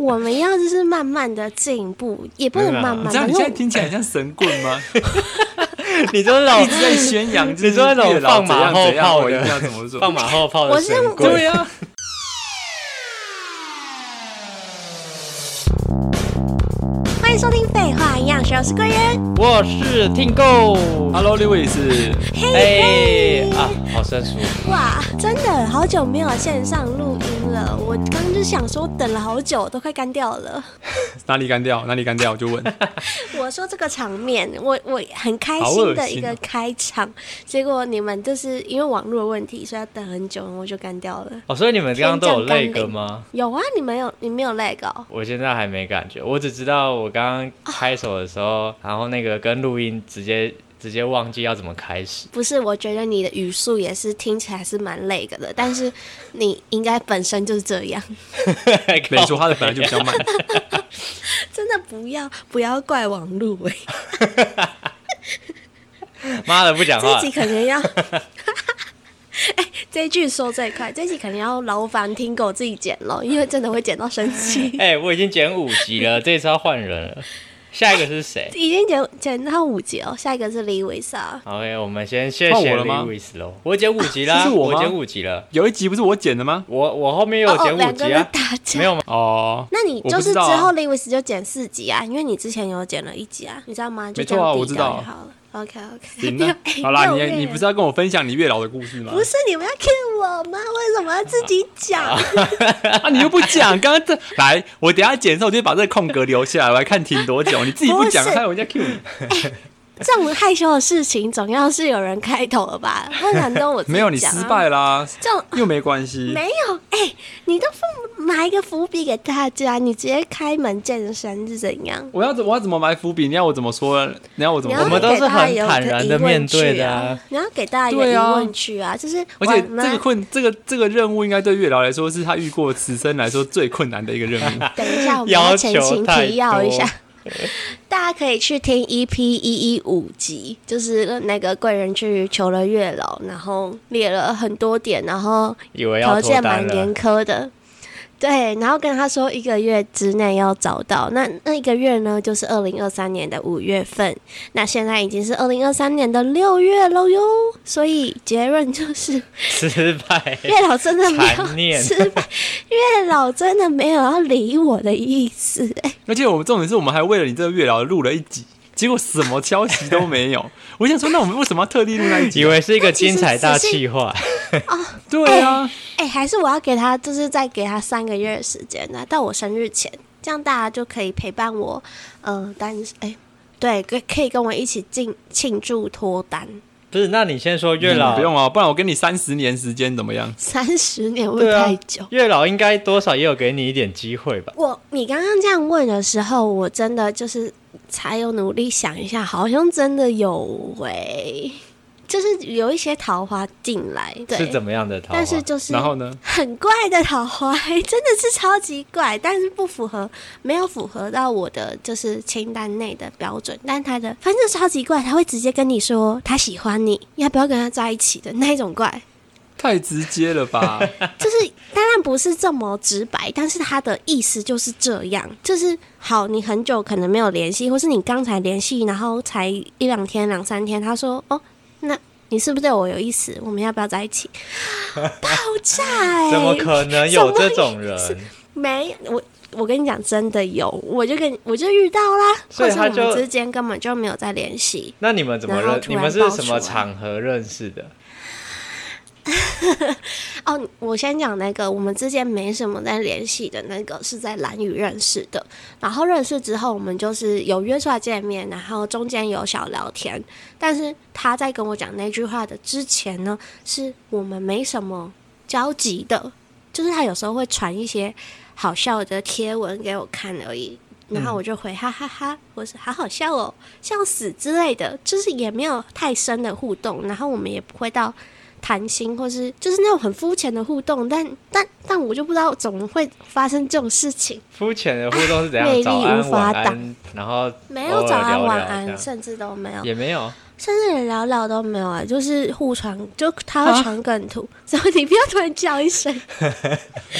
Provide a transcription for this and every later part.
我們要就是慢慢的進步，也不能慢慢的。你現在聽起來像神棍嗎？你說老一直在宣揚，你說那種放馬後炮我一定要怎麼做，放馬後炮我是神棍。歡迎收聽《廢話營養學》，我是貴人，我是 Tingo，Hello Liwis，嘿，啊。好生疏哇！真的好久沒有線上錄音了，我剛剛就想說，等了好久，都快乾掉了。 哪裡乾掉？哪裡乾掉？我就問。 我說這個場面，我我很開心的一個開場，哦、結果你們就是因為網絡的問題，所以要等很久，我就乾掉了。哦，所以你們剛剛都有 lag 嗎？有啊，你們有，你沒有 lag、哦。我現在還沒感覺，我只知道我剛剛拍手的時候，啊、然後那個跟錄音直接。直接忘記要怎麼開始？不是，我覺得你的語速也是聽起來是蠻那個的，但是你應該本身就是這樣。能 靠 說話的本來就比較慢。 真的不要不要怪網路哎、欸。 媽的不講話了。這 集可能要。哎、 欸，這句說最快，這一集肯定要勞煩聽狗自己剪了，因為真的會剪到生氣。哎、 欸，我已經剪五集了，這次要換人了。下一個是誰？已經剪剪到五集了，下一個是李維斯、啊、s 斯。OK，我們先謝謝了我了嗎李維斯嘍。我剪五集了，啊、是我剪五集了。有一集不是我剪的嗎？我我後面有剪五集啊。哦、沒有嗎？哦，那你就是之後李維斯就剪四集啊，哦、啊因為你之前有剪了一集啊，你知道嗎？就好沒錯、啊，我知道、啊。好了。OK OK，行呢 no, 好啦，no, no 你 man. 你不是要跟我分享你月老的故事嗎？不是你們要 cue 我嗎？為什麼要自己講？ 啊，你又不講？剛剛這來，我等一下剪的時候，我就把這個空格留下來，我來看停多久。 是你自己不講，我人家 cue 你。 這種害羞的事情，總要是有人開頭了吧？那難道都我、啊、 沒有，你失敗啦，這種又沒關係。沒有，哎、欸，你都放埋一個伏筆給大家，你直接開門見山是怎樣？我要怎我要怎麼埋伏筆？你要我怎麼說？你要我怎麼說？我們都是很坦然的面對的、啊。你要給大家一個疑問句啊！啊就是，而且這個困這個這個任務，應該對月老來說，是他遇過此生來說最困難的一個任務。 等一下，我們要前情提要一下要。 大家可以去聽 EP 一一五集，就是那個貴人去求了月老，然後列了很多點，然後條件蠻嚴苛的。對，然後跟他說一個月之內要找到，那那一個月呢，就是二零二三年的五月份。那現在已經是二零二三年的六月了。喲，所以結論就是失敗。月老真的沒有，殘念，失敗，月老真的沒有要理我的意思。而且我們重點是我們還為了你這個月老錄了一集。結果什麼消息都沒有、啊，欸、我想說，那我們為什麼要特地錄那一集？以為是一個精彩大企劃、哦、 對啊，哎、欸欸，還是我要給他，就是再給他三個月的時間、啊，那到我生日前，這樣大家就可以陪伴我，嗯、呃，單哎、欸，對，可可以跟我一起慶祝脫單。不是，那你先說月老、嗯、不用啊，不然我給你三十年時間怎麼樣？三十年會太久、啊？月老應該多少也有給你一點機會吧？我，你剛剛這樣問的時候，我真的就是才有努力想一下，好像真的有誒、欸。就是留一些桃花進來，對是怎麼樣的桃花？但是就是然後呢？很怪的桃花， 真的是超級怪，但是不符合，沒有符合到我的就是清單內的標準。但他的反正超級怪，他會直接跟你說他喜歡你，要不要跟他在一起的那一種怪，太直接了吧？ 就是當然不是這麼直白，但是他的意思就是這樣，就是好，你很久可能沒有聯繫，或是你剛才聯繫，然後才一兩天、兩三天，他說哦。那你是不是對我有意思？我們要不要在一起？爆炸 在！怎麼可能有這種人？沒，我我跟你講，真的有，我就跟我就遇到啦。所以或是我們之間根本就沒有再聯繫。那你們怎麼認？你們是什麼場合認識的？ 哦，我先講那個，我們之間沒什麼在聯繫的那個，是在藍雨認識的。然後認識之後，我們就是有約出來見面，然後中間有小聊天。但是他在跟我講那句話的之前呢，是我們沒什麼交集的，就是他有時候會傳一些好笑的貼文給我看而已，然後我就回哈哈哈哈，或是好好笑哦，笑死之類的，就是也沒有太深的互動。然後我們也不會到。談心，或是就是那種很膚淺的互動，但但但我就不知道怎麼會發生這種事情。膚淺的互動是怎樣？啊、魅力無法擋，然後沒有、哦、早安晚安，聊聊甚至都沒有，也沒有。甚至連聊聊都沒有啊，就是互傳，就他會傳梗圖。所以、啊、你不要突然叫一聲，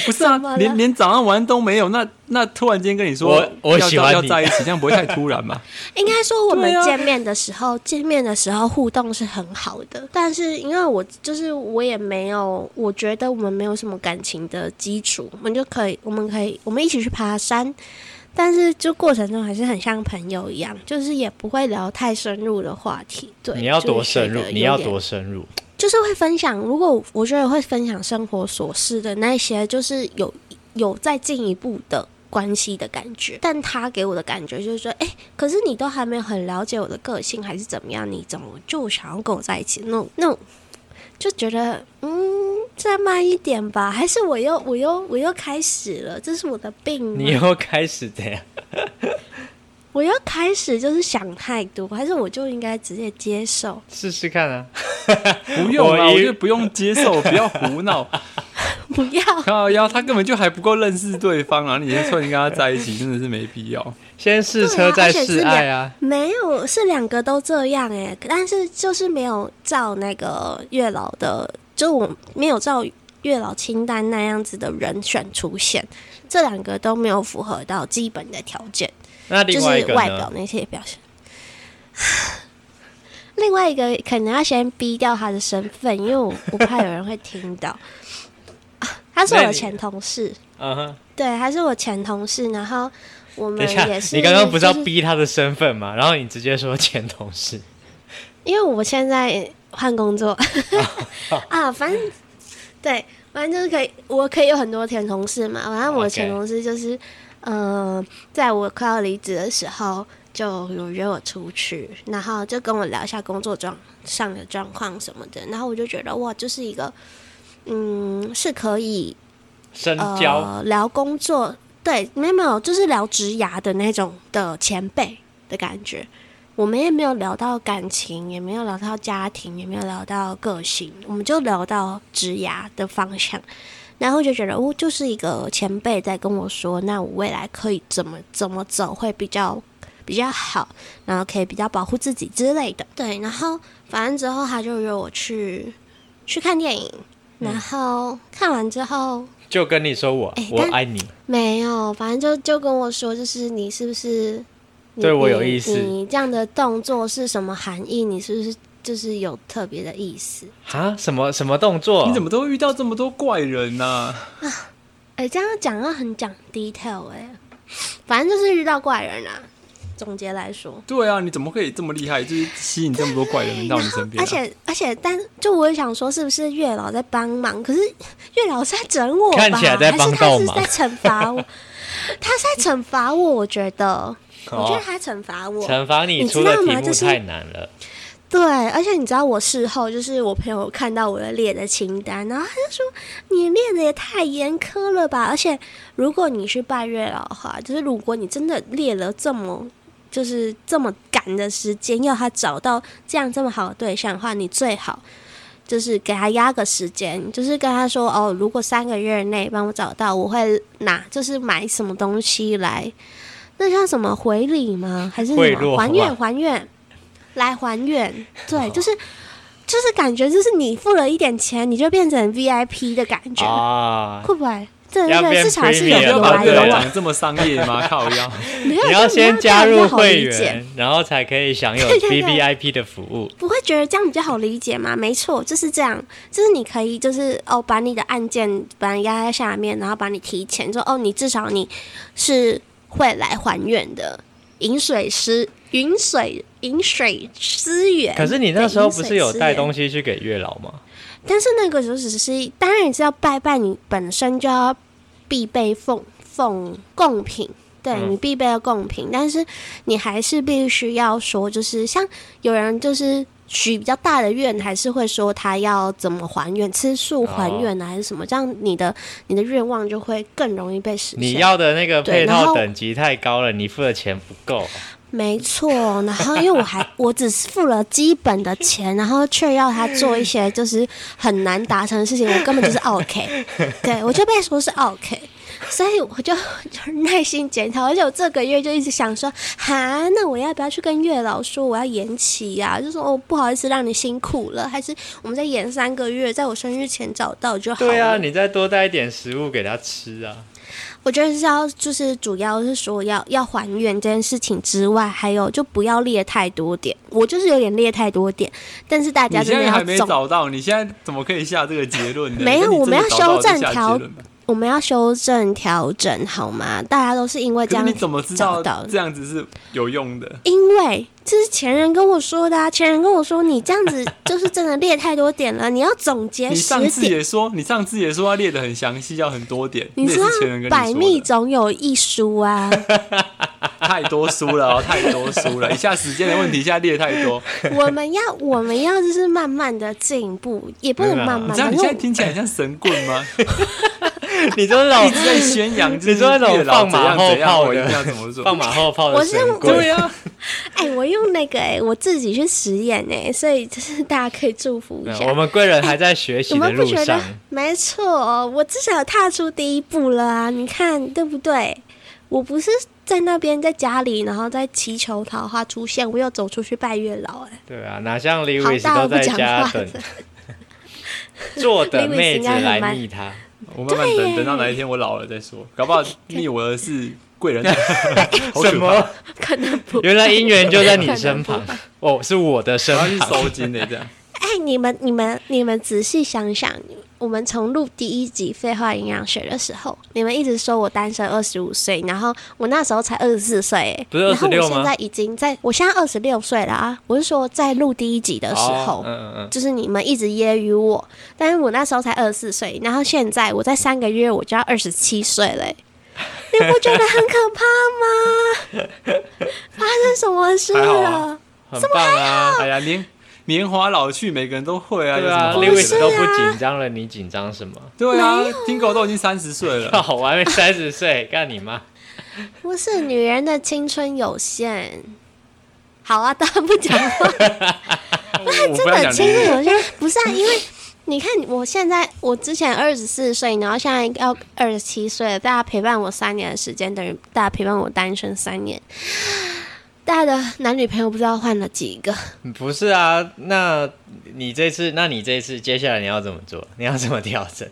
不是啊，連連早上玩都沒有，那那突然間跟你說我，我喜歡你，要要在一起，這樣不會太突然嘛？應該說我們見面的時候，啊、見面的時候互動是很好的，但是因為我就是我也沒有，我覺得我們沒有什麼感情的基礎，我們就可以，我們可以，我們一起去爬山。但是，就過程中還是很像朋友一樣，就是也不會聊太深入的話題。對，你要多深入，你要多深入，就是會分享。如果我覺得會分享生活瑣事的那些，就是有有再進一步的關係的感覺。但他給我的感覺就是說，誒、欸，可是你都還沒有很了解我的個性，還是怎麼樣？你怎麼就想要跟我在一起？那種那種就覺得，嗯，再慢一點吧。還是我又，我又，我又開始了。這是我的病。你又開始這樣？ 我又開始就是想太多，還是我就應該直接接受？試試看啊，不用啊， 我，也我就不用接受，不要胡鬧。 不要，要！他根本就還不夠認識對方，然後你確定跟他在一起，真的是沒必要。先試車再試愛啊,啊！沒有，是兩個都這樣哎、欸，但是就是沒有照那個月老的，就我沒有照月老清單那樣子的人選出現，這兩個都沒有符合到基本的條件。那另外一個呢？就是外表那些表現，另外一個可能要先逼掉他的身份，因為我不怕有人會聽到。他是我的前同事，uh huh. 對，他是我前同事。然後我們也是。你剛剛不是要逼他的身份嗎？就是、 然後你直接說前同事，因為我現在換工作 oh, oh. 啊，反正對，反正就是可以，我可以有很多前同事嘛。然後我的前同事就是，Okay. 呃，在我快要離職的時候就有約我出去，然後就跟我聊一下工作狀上的狀況什麼的。然後我就覺得哇，就是一個。嗯，是可以。深交，呃。聊工作，對，沒有沒有，就是聊職涯的那種的前輩的感覺。我們也沒有聊到感情，也沒有聊到家庭，也沒有聊到個性，我們就聊到職涯的方向。然後就覺得，哦，就是一個前輩在跟我說，那我未來可以怎麼怎麼走會比較比較好，然後可以比較保護自己之類的。對，然後反正之後他就約我去去看電影。然後看完之後，就跟你說我、欸、我愛你。沒有，反正就就跟我說，就是你是不是對我有意思你？你這樣的動作是什麼含義？你是不是就是有特別的意思？啊，什麼什麼動作？你怎麼都遇到這麼多怪人呢？啊，哎、啊欸，這樣講要很講 detail 哎、欸，反正就是遇到怪人啦、啊。總結來說，對啊，你怎麼可以這麼厲害？就是吸引這麼多怪人到你身邊、啊， 而且而且，但就我也想說，是不是月老在幫忙？可是月老是在整我吧？看起來在幫倒忙，還是他是在懲罰我？ 他是在懲罰我，我覺得，我覺得他懲罰我，懲罰、哦啊、你，你知道嗎？就是太難了。對，而且你知道，我事後就是我朋友看到我的列的清單，然後他就說：“你列的也太嚴苛了吧？”而且，如果你去拜月老的話，就是如果你真的列了這麼。就是這麼趕的時間，要他找到這樣這麼好的對象的話，你最好就是給他壓個時間，就是跟他說哦，如果三個月內幫我找到，我會拿就是買什麼東西來。那像什麼回禮嗎？還是什麼還願弱還願？還願啊、來還願，對，就是就是感覺就是你付了一點錢，你就變成 VIP 的感覺，會不會？對，對，對。市場是有的，有個保障。這麼商業嗎？靠腰，你要先加入會員，然後才可以享有 B B I P 的服務對對對。不會覺得這樣比較好理解嗎？沒錯，就是這樣。就是你可以，就是哦，把你的案件本來壓在下面，然後把你提前，就說哦，你至少你是會來還願的。飲水師，飲水飲水思源。源，可是你那時候不是有帶東西去給月老嗎？但是那個時候，只是，當然你知道拜拜，你本身就要必備奉奉貢品，對、嗯、你必備的貢品。但是你還是必須要說，就是像有人就是許比較大的願，還是會說他要怎麼還願，吃素還願還是什麼，哦、這樣你的你的願望就會更容易被實現。你要的那個配套等級太高了，你付的錢不夠。沒錯，然後因為我還， 我只是付了基本的錢，然後卻要他做一些就是很難達成的事情，我根本就是 OK，對，我就被說是 OK，所以我就，就耐心檢討，而且我這個月就一直想說，哈，那我要不要去跟月老說我要延期呀、啊？就說，哦，不好意思讓你辛苦了，還是我們再延三個月，在我生日前找到就好了。對啊，你再多帶一點食物給他吃啊。我覺得是要，就是主要是說要要還原這件事情之外，還有就不要列太多點。我就是有點列太多點，但是大家真的要。你現在還沒找到， 你現在怎麼可以下這個結論？ 沒有，我們要修正 條。 我們要修正、調整，好嗎？大家都是因為這樣，你怎麼知道這樣子是有用的？的因為這是前人跟我說的啊。前人跟我說，你這樣子就是真的列太多點了。你要總結。你上次也說，你上次也說要列得很詳細，要很多點。你知道你百密總有一疏啊 太多書了喔。太多書了，太多書了，一下時間的問題，一下列太多。 我們要，我們要就是慢慢的進步，也不能慢慢。你現在聽起來很像神棍嗎？ 你，老你說老一直在宣揚，你說老那種放馬後炮的，放馬後炮的。我是對呀、啊，哎、 欸，我用那個哎、欸，我自己去實驗哎、欸，所以就是大家可以祝福一下。啊、我們貴人還在學習的路上，欸、有沒錯、哦，我至少有踏出第一步了啊！你看對不對？我不是在那邊在家裡，然後在祈求桃花出現，我又走出去拜月老哎。對啊，哪像 Liwis 在加的做的妹子來逆他。 我慢慢等耶等到哪一天我老了再說，搞不好遇我的是貴人。 吧什麼？可能原來姻緣就在你身旁哦，oh, 是我的身旁。 哎，你們你們你們仔細想想。我們從錄第一集《廢話營養學》的時候，你們一直說我單身二十五歲，然後我那時候才二十四歲，是然後我現在已經在，我現在二十六歲了啊！我是說在錄第一集的時候，哦嗯嗯、就是你們一直揶揄我，但是我那時候才二十四歲，然後現在我在三個月我就要二十七歲嘞，你不覺得很可怕嗎？ 發生什麼事了？還好啊、很棒啊、什麼還好年華老去，每個人都會啊，對啊，因為、啊、都不緊張了，你緊張什麼？對啊，啊聽狗都已經三十歲了、 哦，我還沒三十歲， 幹你媽！不是女人的青春有限，好啊，當然不講話。是 真的不青春有限，不是啊？ 因為你看，我現在我之前二十四歲，然後現在要二十七歲了，大家陪伴我三年的時間，等於大家陪伴我單身三年。大的男女朋友不知道換了幾個，不是啊？那你這次，那你這次，接下來你要怎麼做？你要怎麼調整？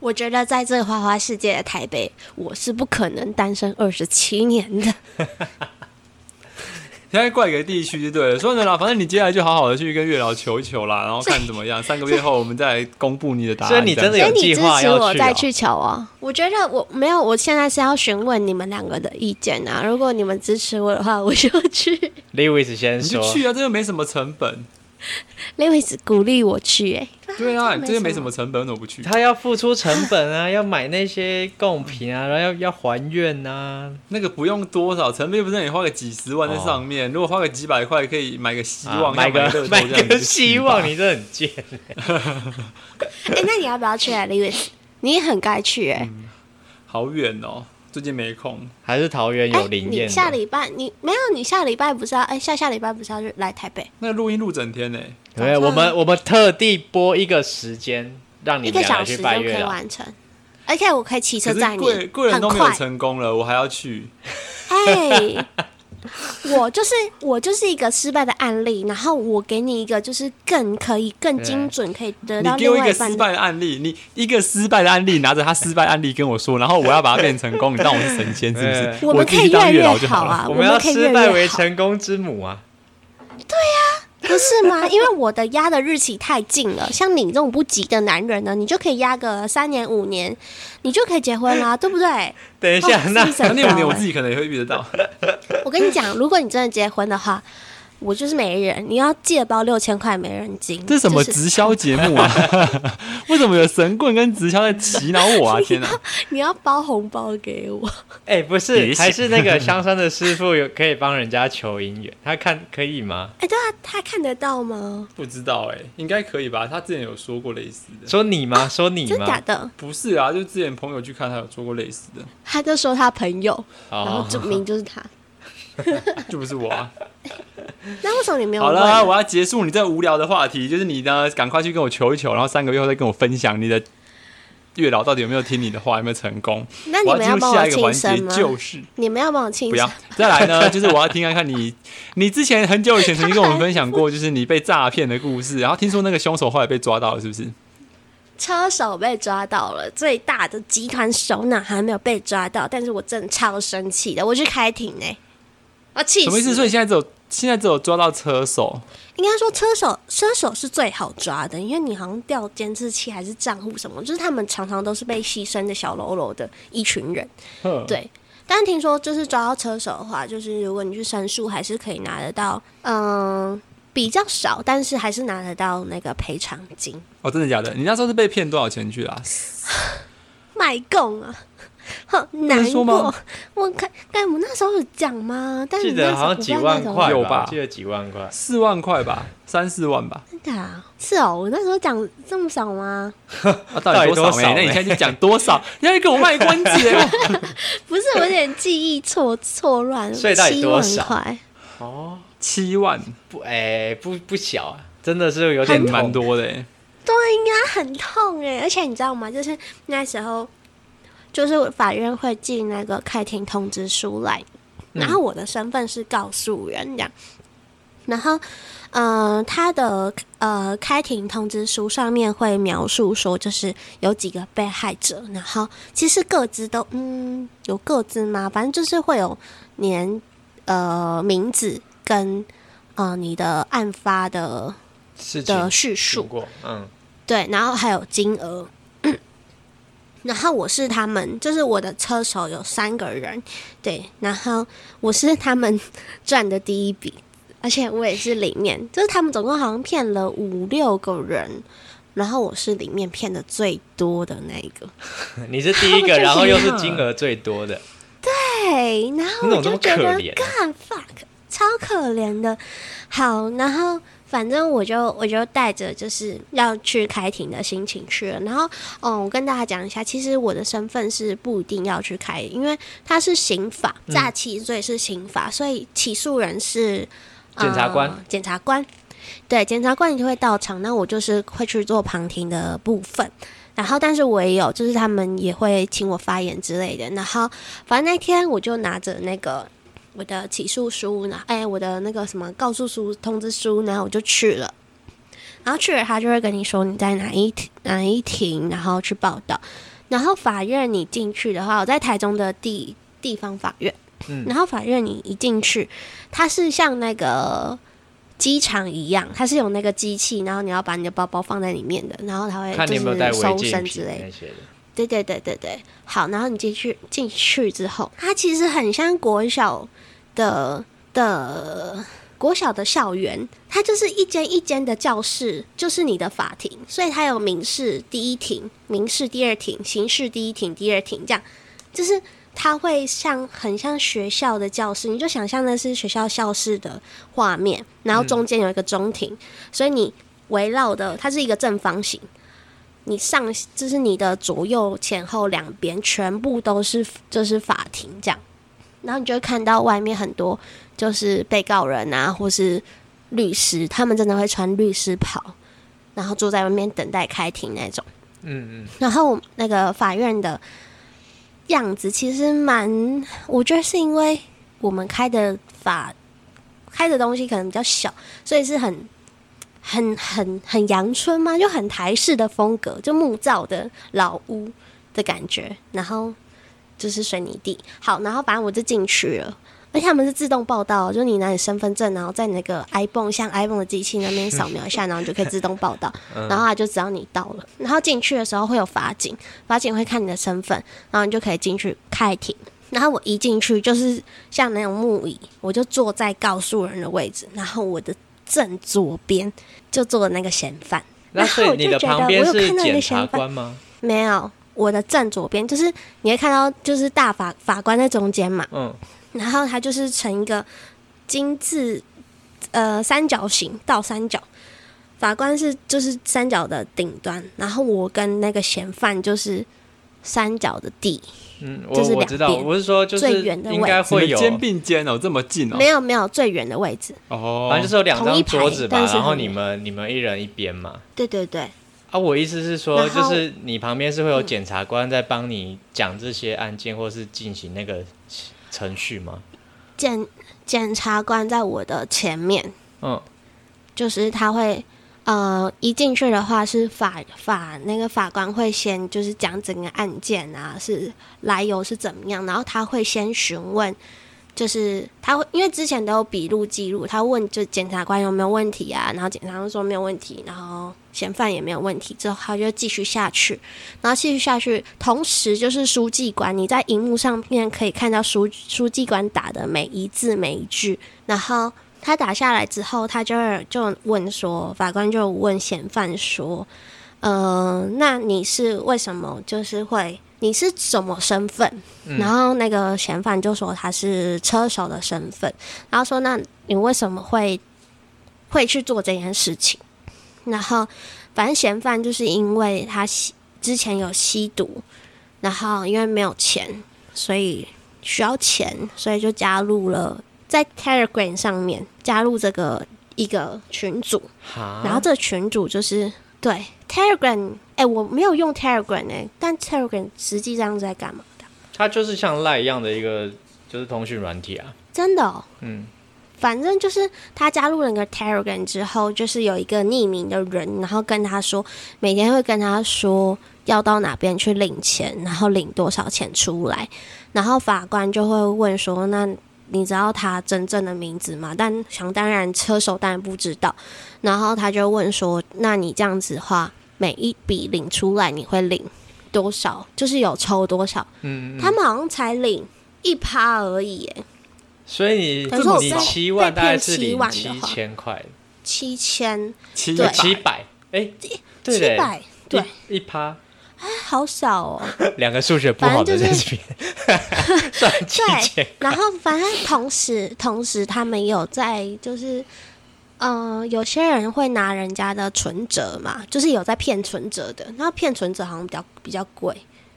我覺得，在這花花世界的台北，我是不可能單身二十七年的。 現在怪一個地區就對了，所以呢，反正你接下來就好好的去跟月老求一求啦，然後看怎麼樣。 三個月後我們再公布你的答案。所以你真的有計劃要去、啊？所以你支持我再去求啊？我覺得我沒有，我現在是要詢問你們兩個的意見啊。如果你們支持我的話，我就去。Lewis 先說，你就去啊，這又沒什麼成本。 Lewis 鼓勵我去、欸，哎。對啊，這些沒，沒什麼成本，我不去。他要付出成本啊，要買那些供品啊，然後要要還願吶、啊。那個不用多少成本，不是你花個幾十萬在上面。哦、如果花個幾百塊，可以買個希望，啊、買個買個，買個希望，你真的很賤、欸。哎、 欸，那你要不要去啊 Liwis 你也很該去哎、欸嗯，好遠哦。最近沒空，還是桃園有靈驗。欸、下禮拜你沒有，你下禮拜不是要？哎、欸，下下禮拜不是要去來台北？那錄音錄整天呢、欸？對，我們我們特地撥一個時間，讓你們兩個去拜月了。一個小時就可以完成。Okay，而且我可以騎車載你，貴貴人都沒有成功了，我還要去。哎、欸。 我就是我就是一個失敗的案例，然後我給你一個就是更可以更精準 Yeah. 可以得到另外一半的，你給我一個失敗的案例，你一個失敗的案例拿着他失敗案例跟我說， 然後我要把它變成功， 你當我是神仙 是不是？我們可以越老越好啊，我們要失敗為成功之母啊。 對呀、啊。不是嗎？因為我的壓的日期太近了，像你這種不急的男人呢，你就可以壓個三年五年，你就可以結婚啦，對不對？等一下，哦、那是是那五年我自己可能也會遇得到。 我跟你講，如果你真的結婚的話。我就是媒人，你要借包六千塊媒人金？這是什麼直銷節目啊？ 為什麼有神棍跟直銷在洗腦我啊？天哪，你你要包紅包給我？哎、欸，不是，也是 還是那個香山的師傅有可以幫人家求姻緣，他看可以嗎？哎、欸，對啊，他看得到嗎？不知道哎、欸，應該可以吧？他之前有說過類似的，說你嗎？啊、說你嗎？真假的？不是啊，就之前朋友去看他有說過類似的，他就說他朋友，然後證明就是他，就不是我啊。 那為什麼你沒有？好了，我要結束你這無聊的話題，就是你呢，趕快去跟我求一求，然後三個月後再跟我分享你的月老到底有沒有聽你的話， 有沒有成功？那你們要，幫我清，我要下一個環節，就是你們要幫我清不要。再來呢，就是我要聽看看你， 你之前很久以前曾經跟我們分享過，就是你被詐騙的故事， 然後聽說那個兇手後來被抓到了，是不是？車手被抓到了，最大的集團首腦還沒有被抓到，但是我真的超生氣的，我去開庭哎、欸，啊，氣死了。什麼意思？所以現在只有。現在只有抓到車手，應該說車手，車手是最好抓的，因為你好像調監視器還是賬戶什麼，就是他們常常都是被犧牲的小嘍囉的一群人。呵對。但聽說就是抓到車手的話，就是如果你去申訴，還是可以拿得到，嗯、呃，比較少，但是還是拿得到那個賠償金。哦，真的假的？你那時候是被騙多少錢去啊？賣供啊！好難過。我看，但我那時候有講嗎？但是好像幾萬塊吧，記得幾萬塊，四萬塊吧，三四萬吧。真的啊？是哦，我那時候講這麼少嗎？那到底多少？那你現在就講多少？你要跟我賣關子？不是，我有點記憶錯錯亂。所以到底多少？哦，七萬不？哎，不不小啊，真的是有點蠻多的。對，應該很痛哎！而且你知道嗎？就是那時候。就是法院會寄那個開庭通知書來，然後我的身份是告訴人家，嗯、然後呃，他的呃開庭通知書上面會描述說，就是有幾個被害者，然後其實各自都嗯，有各自嘛？反正就是會有年呃名字跟啊、呃、你的案發的的敘述，過嗯，對，然後還有金額。然後我是他們，就是我的車手有三個人，對。然後我是他們賺的第一筆，而且我也是裡面，就是他們總共好像騙了五六個人，然後我是裡面騙的最多的那一個。你是第一個，然後，然後又是金額最多的。對，然後我就覺得幹、啊、fuck，超可憐的。好，然後。反正我就我就帶着就是要去開庭的心情去了，然後嗯，我跟大家講一下，其實我的身份是不一定要去開，因為他是刑法詐欺罪，是刑法，嗯、所以起訴人是呃、檢察官，檢察官，對，檢察官也會到場，那我就是會去做旁聽的部分，然後但是我也有，就是他們也會請我發言之類的，然後反正那天我就拿着那個。我的起訴書呢？哎，我的那個什麼告訴書、通知書呢？然後我就去了，然後去了，他就會跟你說你在哪一哪一庭，然後去報道。然後法院你進去的話，我在台中的地地方法院。嗯。然後法院你一進去，它是像那個機場一樣，它是有那個機器，然後你要把你的包包放在裡面的，然後他會搜身之類。對對對對對，好。然後你進去進去之後，它其實很像國小。的的國小的校園，它就是一間一間的教室，就是你的法庭，所以它有民事第一庭、民事第二庭、刑事第一庭、第二庭，這樣，就是它會像很像學校的教室，你就想象的是學校校室的畫面，然後中間有一個中庭，嗯、所以你圍繞的它是一個正方形，你上就是你的左右前後兩邊全部都是就是法庭這樣。然後你就會看到外面很多就是被告人啊，或是律師，他們真的會穿律師袍，然後坐在外面等待開庭那種。嗯嗯。然後那個法院的樣子其實蠻，我覺得是因為我們開的法開的東西可能比較小，所以是很很很很陽春嘛，就很台式的風格，就木造的老屋的感覺，然後。就是水泥地，好，然後反正我就進去了，而且他們是自動報到，就是你拿你身份證，然後在你那個 iPhone，像 iPhone 的機器那邊掃描一下， 然後你就可以自動報到， 嗯、然後他就知道你到了。然後進去的時候會有法警，法警會看你的身份，然後你就可以進去開庭。然後我一進去就是像那種木椅，我就坐在告訴人的位置，然後我的正左邊就坐那個嫌犯，那所以你的旁邊是檢察官嗎？然後我就覺得我有看到那個嫌犯嗎？沒有。我的正左邊就是，你會看到就是大法法官在中間嘛，嗯，然後他就是成一個金字，呃，三角形倒三角，法官是就是三角的頂端，然後我跟那個嫌犯就是三角的地，嗯，我，就是兩邊我知道，我是說就是應該會最遠的有肩並肩哦，這麼近哦，沒有沒有最遠的位置，哦，反正就是有兩張桌子嘛，但是然後你們你們一人一邊嘛，對對對。啊，我意思是說，後就是你旁邊是會有檢察官在幫你講這些案件，嗯、或是進行那個程序嗎？檢檢察官在我的前面，嗯，就是他會呃，一進去的話是法法那個法官會先就是講整個案件啊，是來由是怎麼樣，然後他會先詢問。就是他會，因為之前都有筆錄記錄，他問就檢察官有沒有問題啊，然後檢察官說沒有問題，然後嫌犯也沒有問題，之後他就繼續下去，然後繼續下去，同時就是書記官，你在熒幕上面可以看到書書記官打的每一字每一句，然後他打下來之後，他就就問說法官就問嫌犯說，呃，那你是為什麼就是會？你是什麼身份？嗯、然後那個嫌犯就說他是車手的身份。然後說，那你為什麼會會去做這件事情？然後反正嫌犯就是因為他吸之前有吸毒，然後因為沒有錢，所以需要錢，所以就加入了在 Telegram 上面加入這個一個群組。哈然後這個群組就是對 Telegram。Te 哎、欸，我沒有用 Telegram 呃、欸，但 Telegram 實際上在幹嘛的？它就是像賴一樣的一個就是通訊軟體啊。真的、哦，嗯，反正就是他加入了個 Telegram 之後，就是有一個匿名的人，然後跟他說，每天會跟他說要到哪邊去領錢，然後領多少錢出來，然後法官就會問說，那你知道他真正的名字嗎？但想當然車手當然不知道，然後他就問說，那你這樣子的話。每一筆領出來，你會領多少？就是有抽多少？嗯，他們好像才領一趴而已，哎，所以你等於說你七萬大概是領七千塊，七千七七百哎，對，七百對一趴，哎，好少哦，兩個數學不好就是賺錢。對，然後反正同時同時他們有在就是。嗯、呃，有些人會拿人家的存折嘛，就是有在騙存折的。那騙存折好像比較比較貴，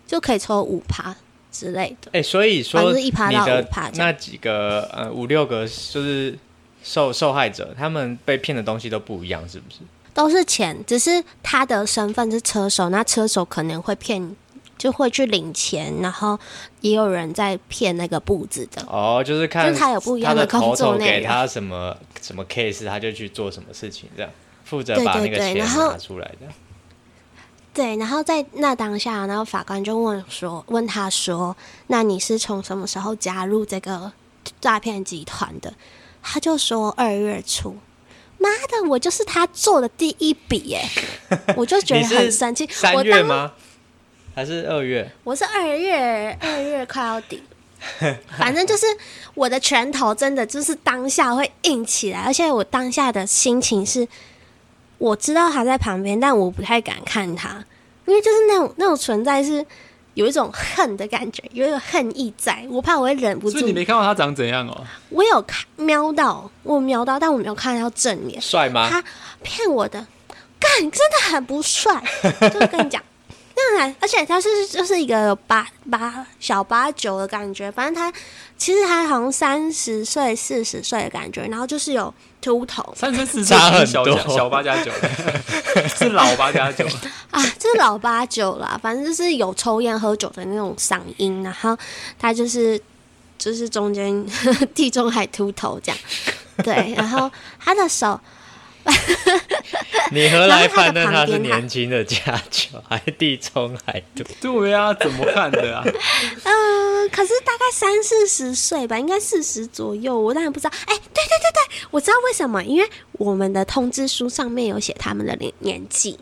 就可以抽五趴之類的。哎、欸，所以說一趴到五趴，那幾個呃五六個就是受受害者，他們被騙的東西都不一樣，是不是？都是錢，只是他的身份是車手，那車手可能會騙你就會去領錢，然後也有人在騙那個步子的。哦，就是看，就他有不一樣的工作，他頭頭給他什麼什麼 case，他就去做什麼事情，這樣負責把那個錢對對對拿出來的。對，然後在那當下，然後法官就問說：“問他說，那你是從什麼時候加入這個詐騙集團的？”他就說：“二月初。”媽的，我就是他做的第一筆耶， 我就覺得很生氣。三 月嗎？還是二月，我是二月，二月快要底，反正就是我的拳頭真的就是當下會硬起來。而且我當下的心情是，我知道他在旁邊，但我不太敢看他，因為就是那種那種存在是有一種恨的感覺，有一種恨意在，我怕我會忍不住。就你沒看到他長怎樣哦？我有瞄到，我瞄到，但我沒有看到正臉。帥嗎？他騙我的，幹，真的很不帥。就是跟你講。 而且他是就是一個八八、小八九的感覺，反正他其實他好像三十歲四十歲的感覺，然後就是有禿頭，三十四很小八加九 是老八加九 啊，就是老八九啦，反正就是有抽菸喝酒的那種嗓音，然後他就是就是中間 地中海禿頭這樣，對，然後他的手。 你何來判斷他是年輕的家教還，還是地中海禿？對呀、啊，怎麼看的啊？嗯 呃，可是大概三四十歲吧，應該四十左右。我當然不知道。哎，對對對對，我知道為什麼，因為我們的通知書上面有寫他們的年年紀。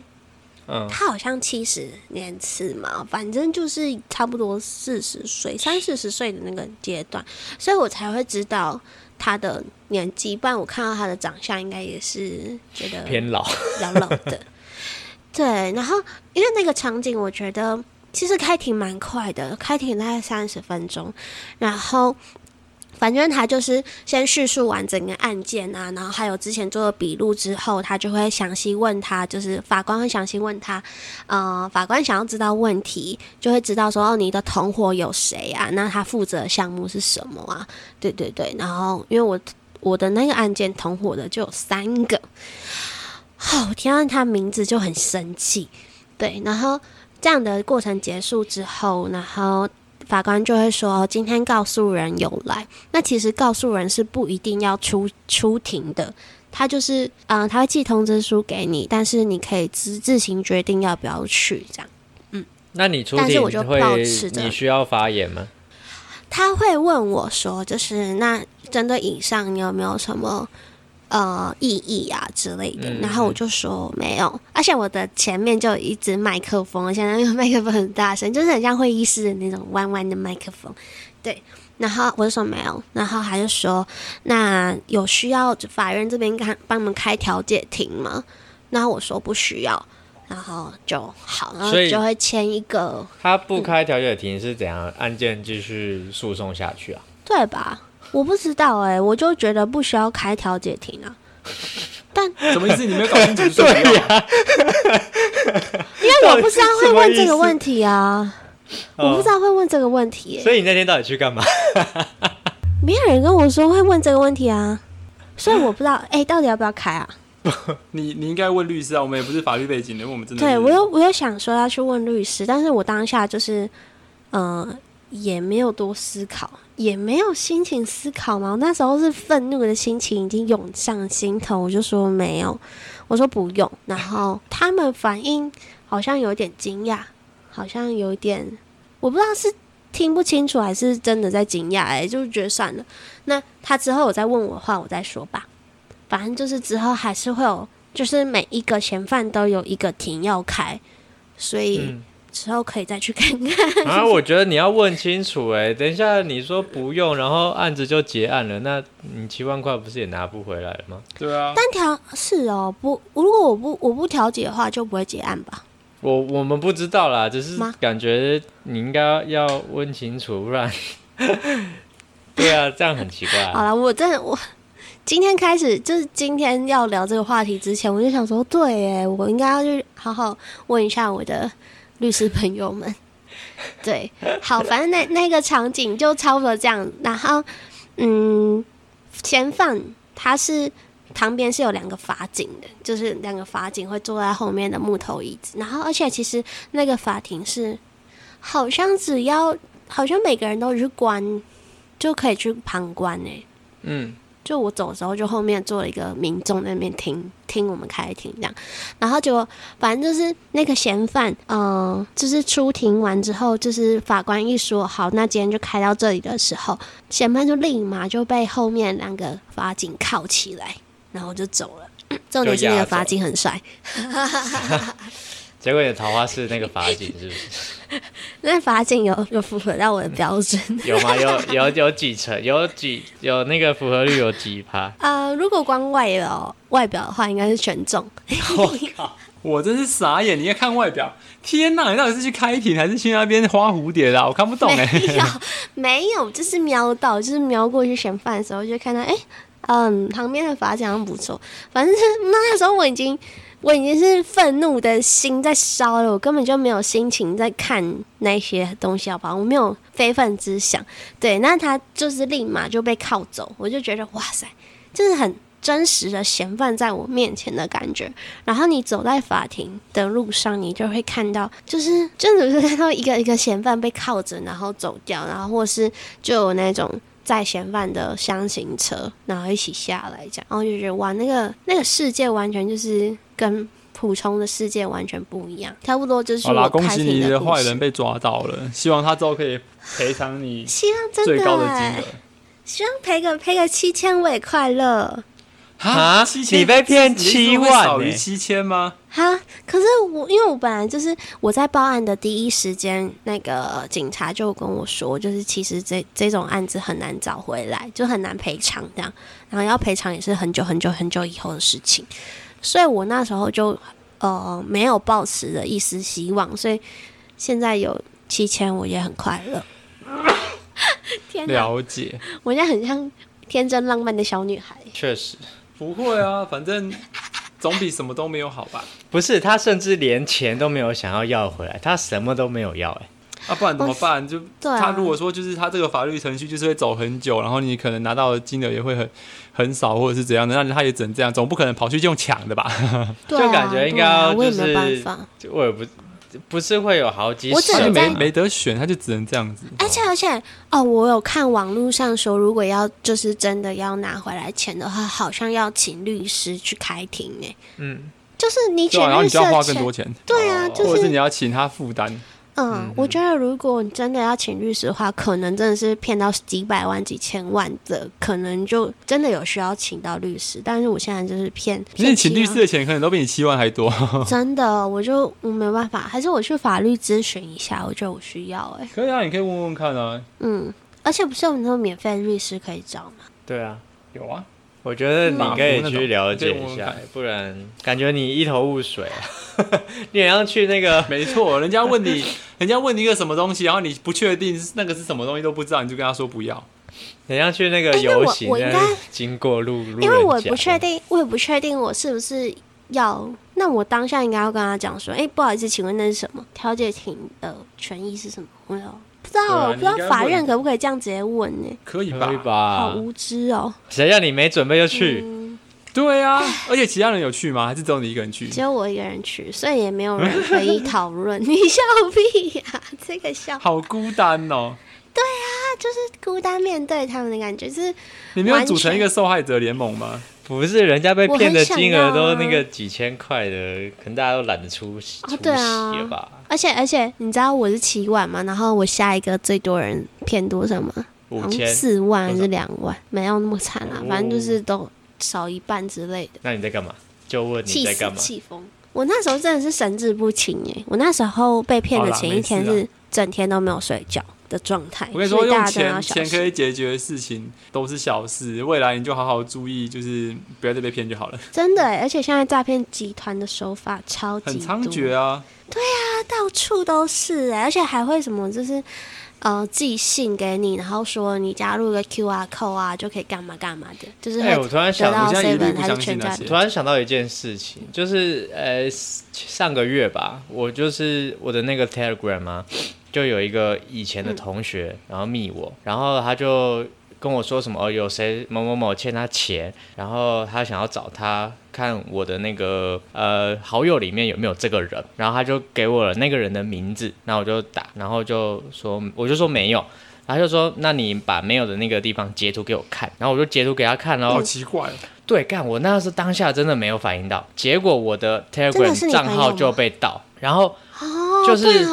嗯，他好像七十年次嘛，反正就是差不多四十歲，三四十歲的那個階段，所以我才會知道。他的年紀，不然我看到他的長相，應該也是覺得偏老，老老的。 對，然後因為那個場景，我覺得其實開庭蠻快的，開庭大概三十分鐘，然後。反正他就是先敘述完整個案件啊，然後還有之前做的筆錄之後，他就會詳細問他，就是法官會詳細問他，呃，法官想要知道問題，就會知道說，哦，你的同夥有誰啊？那他負責項目是什麼啊？對對對。然後，因為我我的那個案件同夥的就有三個，好，我聽到他名字就很生氣。對，然後這樣的過程結束之後，然後。法官就會說：“今天告訴人有來，那其實告訴人是不一定要出出庭的，他就是，嗯、呃，他會寄通知書給你，但是你可以自自行決定要不要去這樣。嗯，那你出庭，但是我就抱持着。你需要發言嗎？他會問我說，就是那針對以上，你有沒有什麼？”呃，異議啊之類的，然後我就說沒有，嗯嗯，而且我的前面就有一支麥克風，現在那個麥克風很大聲，就是很像會議室的那種彎彎的麥克風，對。然後我就說沒有，然後他就說，那有需要法院這邊看幫我們開調解庭嗎？然後我說不需要，然後就好，然後就會簽一個。他不開調解庭是怎樣、嗯、案件繼續訴訟下去啊？對吧？我不知道欸，我就覺得不需要開調解庭啊。但什麼意思？你沒有搞清楚 對呀？因為我不知道會問這個問題啊，oh, 我不知道會問這個問題欸，所以你那天到底去幹嘛？ 沒有人跟我說會問這個問題啊，所以我不知道欸，到底要不要開啊？你你應該問律師啊，我們也不是法律背景的，因為我們真的對我又我又想說要去問律師，但是我當下就是呃，也沒有多思考。也沒有心情思考嘛。我那時候是憤怒的心情已經湧上心頭，我就說沒有，我說不用。然後他們反應好像有點驚訝，好像有點，我不知道是聽不清楚還是真的在驚訝。哎，就覺得算了。那他之後有再問我的話，我再說吧。反正就是之後還是會有，就是每一個嫌犯都有一個庭要開，所以。嗯時候可以再去看看。啊，我覺得你要問清楚哎、欸， 等一下，你說不用，然後案子就結案了，那你七萬塊不是也拿不回來了嗎？對啊，單調是哦、喔，不，如果我不我不調解的話，就不會結案吧？我我們不知道啦，只是感覺你應該要問清楚，不然嗎， 對啊，這樣很奇怪啊。 好了，我真的我今天開始就是今天要聊這個話題之前，我就想說，對哎、欸，我應該要去好好問一下我的。律師朋友們，對，好，反正那那個場景就差不多這樣。然後，嗯，嫌犯他是旁邊是有兩個法警的，就是兩個法警會坐在後面的木頭椅子。然後，而且其實那個法庭是好像只要好像每個人都去關就可以去旁觀誒、欸。嗯。就我走的時候，就後面坐了一個民眾那邊聽聽我們開庭這樣，然後就反正就是那個嫌犯，嗯、呃，就是出庭完之後，就是法官一說好，那今天就開到這裡的時候，嫌犯就立馬就被後面兩個法警銬起來，然後就走了。重點是那個法警很帥。 結果你的桃花是那個法警是不是？ 那法警有有符合到我的標準？ 有嗎？有有有幾成，有幾，有，幾有那個符合率有幾趴？呃，如果光外表外表的話，應該是全中。我 哦、靠！我真是傻眼！你要看外表，天哪！你到底是去開庭還是去那邊花蝴蝶的，啊？我看不懂哎，欸。沒有，就是瞄到，就是瞄過去嫌犯的時候，就看到哎，嗯，旁邊的法警好像不錯。反正那時候我已經。我已經是憤怒的心在燒了，我根本就沒有心情在看那些東西，好吧？我沒有非分之想。對，那他就是立馬就被銬走，我就覺得哇塞，就是很真實的嫌犯在我面前的感覺。然後你走在法庭的路上，你就會看到，就是真的，就是看到一個一個嫌犯被銬着，然後走掉，然後或是就有那種載嫌犯的廂型車，然後一起下來這樣。然後就覺得哇，那個那個世界完全就是。跟普通的世界完全不一樣，差不多就是我的。好了，恭喜你的壞人被抓到了，希望他之後可以賠償你最高的金額。希望真的欸，希望賠個，賠個七千，我也快樂。啊蛤，你被騙七萬、欸，少於七千嗎？哈，可是我因為我本來就是我在報案的第一時間，那個警察就跟我說，就是其實這這種案子很難找回來，就很難賠償這樣，然後要賠償也是很久很久很久以後的事情。所以我那時候就，呃，沒有抱持著一絲希望，所以現在有七千我也很快樂。 哪了解，我現在很像天真浪漫的小女孩。確實不會啊，反正總比什麼都沒有好吧？ 不是，他甚至連錢都沒有想要要回來，他什麼都沒有要、欸，哎。啊，不然怎麼辦？就他如果說就是他這個法律程序就是會走很久，然後你可能拿到的金額也會很很少，或者是怎樣的，那他也只能這樣，總不可能跑去用搶的吧？對啊、 就感覺應該就是、對啊，我也沒有辦法，我也不不是會有好幾次，是沒沒得選，他就只能這樣子。而且、啊哦、而且哦，我有看網絡上說，如果要就是真的要拿回來錢的話，好像要請律師去開庭哎，嗯，就是你請律師，然後你就要花更多錢。對啊、就是哦，或者是你要請他負擔。嗯，嗯，我覺得如果你真的要請律師的話，可能真的是騙到幾百萬、幾千萬的，可能就真的有需要請到律師。但是我現在就是騙，騙其其實你請律師的錢可能都比你七萬還多。 真的，我就我沒辦法，還是我去法律諮詢一下，我覺得我需要、欸。哎，可以啊，你可以問問看啊。嗯，而且不是有那種免費律師可以找嗎？對啊，有啊。我覺得你可以去了解一下，嗯、不然感覺你一頭霧水、啊。嗯、你也要去那個，沒錯，人家問你， 人家問你一個什麼東西，然後你不確定那個是什麼東西都不知道，你就跟他說不要。你像去那個遊行，欸、我我應該經過路，路因為我不確定，我也不確定我是不是要。那我當下應該要跟他講說，哎、欸，不好意思，請問那是什麼？調解庭的權益是什麼？我不知道，啊、我不知道法院可不可以這樣直接問呢、欸？可以吧？好無知哦！誰讓你沒準備就去？嗯、對啊，而且其他人有去嗎？還是只有你一個人去？只有我一個人去，所以也沒有人可以討論。 你笑屁呀、啊！這個笑好孤單哦。對啊。就是孤單面對他們的感覺，就是你沒有組成一個受害者聯盟嗎？不是，人家被騙的金額都那個幾千塊的，可能大家都懶得出、哦對啊、出席了吧？而且而且，你知道我是七萬嘛，然後我下一個最多人騙多,千多少嗎？五千好像四萬還是兩萬，沒有那麼慘啦。反正就是都少一半之類的。哦、那你在幹嘛？就問你在幹嘛氣死氣瘋？我那時候真的是神志不清耶！我那時候被騙的前一天是整天都沒有睡覺。的狀態，我跟你說，大要用錢錢可以解決的事情都是小事。未來你就好好注意，就是不要再被騙就好了。真的，而且現在詐騙集團的手法超級很猖獗啊！對啊，到處都是哎，而且還會什麼，就是呃，寄信給你，然後說你加入個 QR code 啊，就可以幹嘛幹嘛的。就是哎、欸，我突然想，我現在有點不相信那些。我突然想到一件事情，就是呃，上個月吧，我就是我的那個 Telegram 啊。就有一個以前的同學，嗯、然後密我，然後他就跟我說什麼、哦，有誰某某某欠他錢，然後他想要找他，看我的那個呃好友裡面有沒有這個人，然後他就給我了那個人的名字，那我就打，然後就說我就說沒有，然後就說那你把沒有的那個地方截圖給我看，然後我就截圖給他看，哦，好奇怪，對，幹，我那是當下真的沒有反應到，結果我的 Telegram 賬號就被盜，然後。就是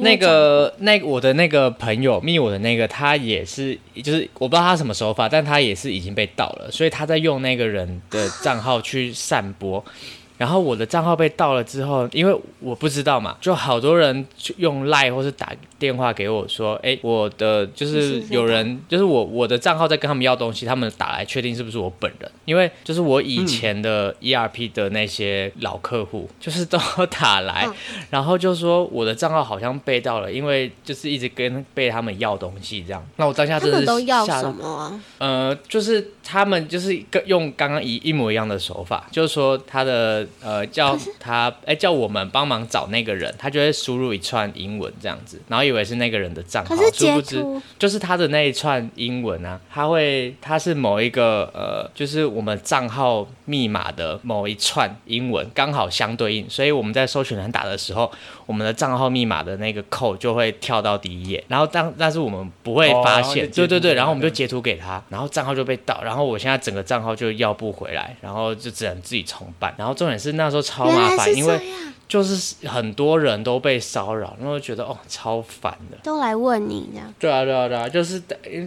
那個、哦、那我的那個朋友密我的那個，他也是，就是我不知道他什麼手法，但他也是已經被盜了，所以他在用那個人的賬號去散播。 然後我的賬號被盜了之後，因為我不知道嘛，就好多人就用 LINE 或是打電話給我說：“哎，我的就是有人是是是是就是我我的賬號在跟他們要東西，他們打來確定是不是我本人，因為就是我以前的 ERP 的那些老客戶，就是都打來，嗯、然後就說我的賬號好像被盜了，因為就是一直跟被他們要東西這樣。那我當下真的是下他們都要什麼？啊？呃，就是。他們就是用剛剛一一模一樣的手法，就是說他的呃叫他哎、欸、叫我們幫忙找那個人，他就會輸入一串英文這樣子，然後以為是那個人的賬號，殊不知就是他的那一串英文啊，他會他是某一個呃，就是我們賬號密碼的某一串英文剛好相對應，所以我們在搜尋欄打的時候，我們的賬號密碼的那個扣就會跳到第一頁，然後當但，但是我們不會發現，哦、對對對，然後我們就截圖給他，然後賬號就被盜，然後。然後我現在整個賬號就要不回來，然後就只能自己重辦。然後重點是那時候超麻煩，啊、因為就是很多人都被騷擾，然後覺得哦超煩的，都來問你這樣。對啊對啊對啊，就是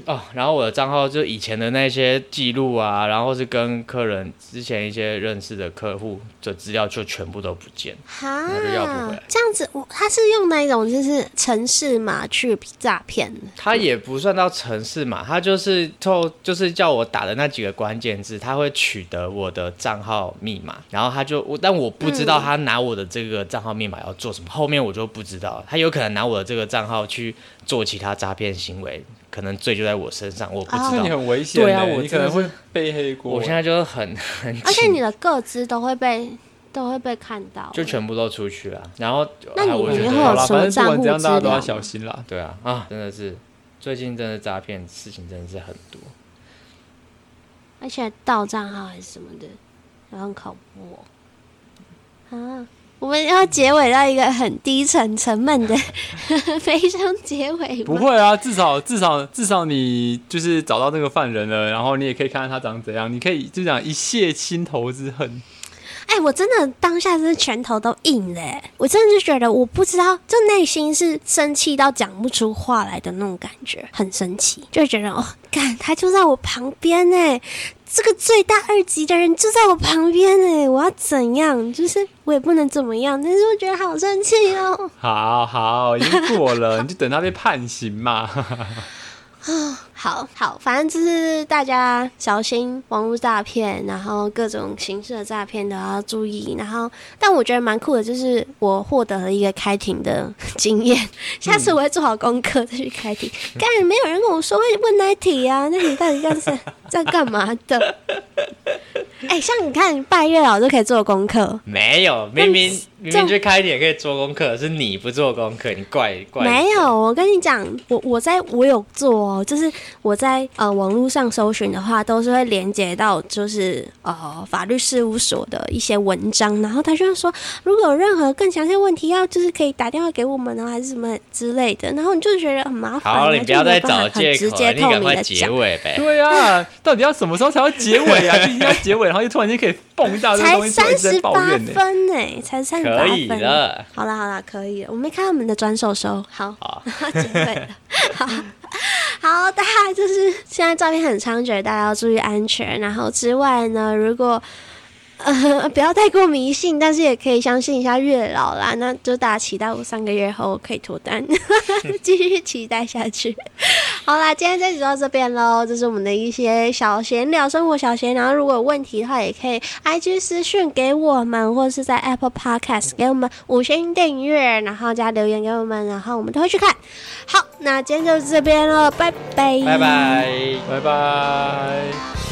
哦，然後我的賬號就以前的那些記錄啊，然後是跟客人之前一些認識的客戶的、嗯、資料就全部都不見，啊哈，就要不回來。這樣子，我他是用那種就是程式碼去詐騙，他也不算到程式碼，他就是透，就是叫我打的那。那幾個關鍵字，他會取得我的賬號密碼，然後他就，但我不知道他拿我的這個賬號密碼要做什麼。嗯、後面我就不知道了，他有可能拿我的這個賬號去做其他詐騙行為，可能罪，就在我身上，啊、我不知道。你很危險，對啊，我你可能會背黑鍋。我現在就是很很，而且你的個資都會被都會被看到，就全部都出去了。然後那你裡面反正不管怎這樣，大家都要小心啦。對啊，啊，真的是，最近真的詐騙事情真的是很多。而且還到賬號還是什麼的，好像考不過。啊！我們要結尾到一個很低沉，沉悶的 悲傷結尾？不會啊，至少至少至少你就是找到那個犯人了，然後你也可以看看他長怎樣，你可以就這樣一洩心頭之恨。哎、欸，我真的當下是拳頭都硬嘞，欸！我真的就覺得，我不知道，就內心是生氣到講不出話來的那種感覺，很生氣，就覺得哦，幹，他就在我旁邊哎、欸，這個罪大惡極的人就在我旁邊哎、欸，我要怎樣？就是我也不能怎麼樣，但是我覺得好生氣哦。好好，已經過了， 你就等他被判刑嘛。啊、 哦。好好，反正就是大家小心網絡詐騙，然後各種形式的詐騙都要注意。然後，但我覺得蠻酷的，就是我獲得了一個開庭的經驗。下次我會做好功課再去開庭。幹、嗯，沒有人跟我說問問題啊？那你到底是在幹嘛的？哎、 欸，像你看拜月老都可以做功課，沒有，明明明明去開庭也可以做功課，是你不做功課，你怪怪。沒有，我跟你講，我我在我有做、哦，就是。我在呃網絡上搜尋的話，都是會連接到就是呃法律事務所的一些文章，然後他就會說，如果有任何更詳細問題，要就是可以打電話給我們呢，哦，還是什麼之類的，然後你就覺得很麻煩。好，你不要再找借口，很直接透明的講。你趕快結尾唄。對啊，到底要什麼時候才會結尾啊？一定 要結尾，然後就突然間可以蹦到東西 才三十八分呢，欸，才三十八分、欸、好啦好啦，可以了，我沒看到他們的轉手收。好，好， 結尾了。好。好，大家就是現在詐騙很猖獗，大家要注意安全。然後之外呢，如果。呃，不要太過迷信，但是也可以相信一下月老啦。那就大家期待我三個月後可以脫單，繼 續期待下去。好啦，今天就到這邊嘍。這是我們的一些小閒聊，生活小閒聊。然後如果有問題的話，也可以 IG 私訊給我們，或者是在 Apple Podcast 給我們五星訂閱，然後加留言給我們，然後我們都會去看。好，那今天就是這邊嘍，拜，拜拜，拜拜。拜拜。